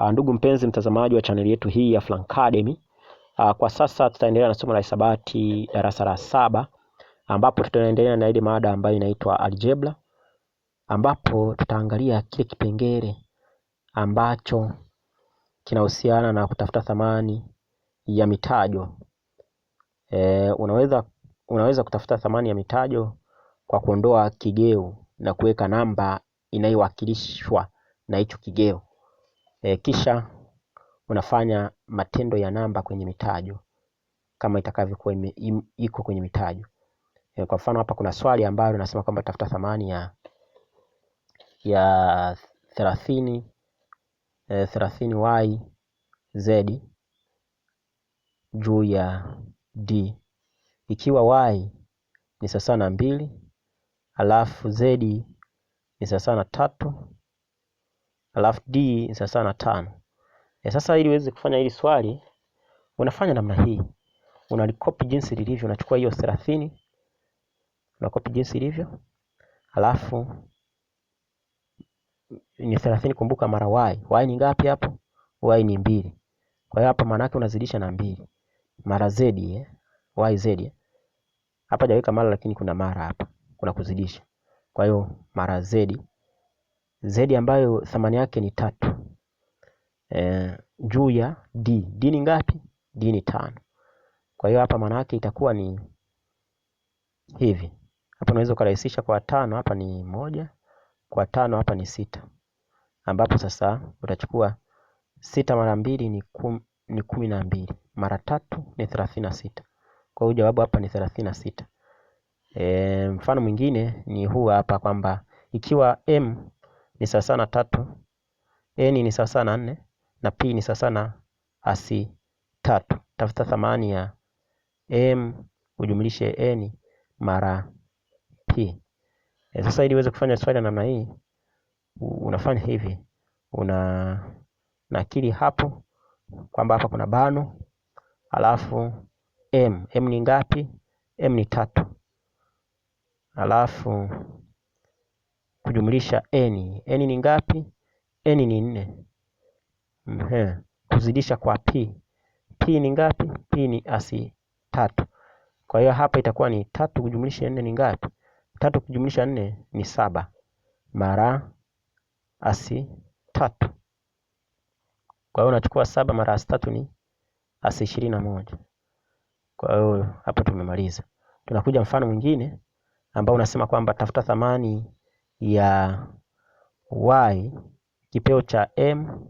Ah, ndugu mpenzi mtazamaji wa chaneli yetu hii ya Francademy, ah, kwa sasa tutaendelea na somo la hisabati darasa la saba ambapo tutaendelea na ile mada ambayo inaitwa algebra, ambapo tutaangalia kile kipengele ambacho kinahusiana na kutafuta thamani ya mitajo. E, unaweza, unaweza kutafuta thamani ya mitajo kwa kuondoa kigeu na kuweka namba inayowakilishwa na hicho kigeu. E, kisha unafanya matendo ya namba kwenye mitajo kama itakavyokuwa iko kwenye mitajo. E, eh, kwa mfano hapa kuna swali ambalo linasema kwamba tafuta thamani ya ya thelathini e, thelathini y z juu ya d ikiwa y ni sawasawa na mbili alafu z ni sawasawa na tatu alafu d ni sawasawa na tano. E, sasa ili uweze kufanya hili swali unafanya namna hii, unalikopi jinsi lilivyo, unachukua hiyo 30 unakopi jinsi ilivyo, alafu ni 30, kumbuka mara y. Y ni ngapi hapo? Y ni mbili. Kwa hiyo hapa maana yake unazidisha na mbili mara z eh? y z eh? hapa hajaweka mara, lakini kuna mara hapa, kuna kuzidisha. Kwa hiyo mara z Z ambayo thamani yake ni tatu e, juu ya D. D ni ngapi? D ni tano. Kwa hiyo hapa maana yake itakuwa ni hivi. Hapa unaweza ukarahisisha kwa tano, hapa ni moja kwa tano, hapa ni sita, ambapo sasa utachukua sita mara mbili ni, kum, ni kumi na mbili mara tatu ni thelathini na sita. Kwa hiyo jawabu hapa ni thelathini na sita. E, mfano mwingine ni huu hapa kwamba ikiwa m ni sawa na tatu, n ni sawa na nne na p ni sawa na asi tatu. Tafuta thamani ya m ujumlishe n mara p. E, sasa ili uweze kufanya swali la namna hii unafanya hivi, una nakili hapo kwamba hapa kuna bano alafu m m ni ngapi? m ni tatu alafu kujumlisha n. n ni ngapi? n ni nne. Kuzidisha kwa p. p ni ngapi? p ni asi tatu. Kwa hiyo hapa itakuwa ni tatu kujumlisha nne ni ngapi? Tatu kujumlisha nne ni saba mara asi tatu. Kwa hiyo unachukua saba mara asi tatu ni asi ishirini na moja. Kwa hiyo hapa tumemaliza. Tunakuja mfano mwingine ambao unasema kwamba tafuta thamani ya y kipeo cha m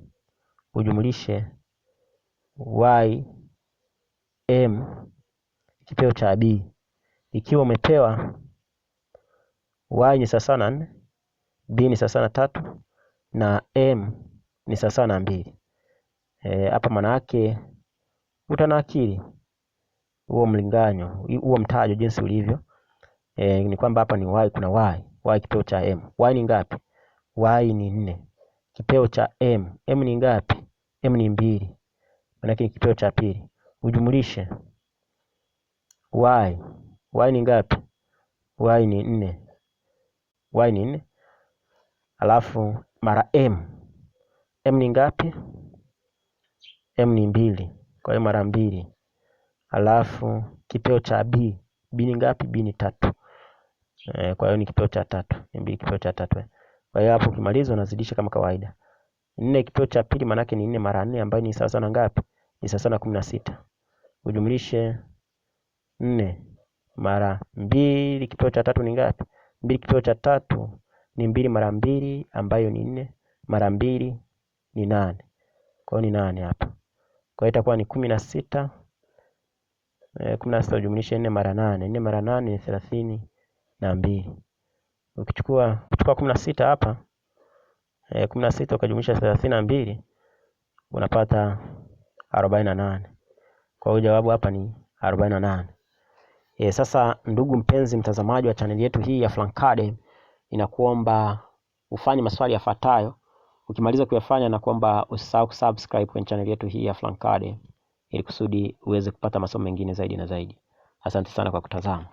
ujumlishe y m kipeo cha b, ikiwa umepewa y ni sawasawa na nne, b ni sawasawa na tatu na m ni sawasawa na mbili. E, hapa e, maana yake utanakili huo mlinganyo huo mtajo jinsi ulivyo. E, ni kwamba hapa ni y kuna y y kipeo cha m. y ni ngapi? y ni nne. Kipeo cha m, m ni ngapi? m ni mbili, maanake ni kipeo cha pili. Ujumulishe y, y ni ngapi? y ni nne, y ni nne alafu mara m, m ni ngapi? m ni mbili, kwa hiyo mara mbili. Alafu kipeo cha b, b ni ngapi? b ni tatu. E, kwa hiyo ni kipeo cha tatu. Ni kipeo cha tatu. Eh. Kwa hiyo hapo ukimaliza unazidisha kama kawaida. Nne kipeo cha pili maana yake ni nne mara nne ambayo ni sawa sana ngapi? Ni sawa sana kumi na sita. Ujumlishe nne mara mbili kipeo cha tatu ni ngapi? Mbili kipeo cha tatu ni mbili mara mbili ambayo ni nne mara mbili ni nane. Kwa hiyo ni nane hapa. Kwa hiyo itakuwa ni kumi na sita. Eh, kumi na sita ujumlishe nne mara nane. Nne mara nane ni thelathini na mbili. Ukichukua kutoka kumi na sita hapa e, kumi na sita ukajumlisha thelathini na mbili unapata arobaini na nane. Kwa hiyo jawabu hapa ni arobaini na nane. E, sasa ndugu mpenzi mtazamaji wa chaneli yetu hii ya Francademy inakuomba ufanye maswali yafuatayo. Ukimaliza kuyafanya na kuomba usisahau kusubscribe kwenye chaneli yetu hii ya Francademy ili kusudi uweze kupata masomo mengine zaidi na zaidi. Asante sana kwa kutazama.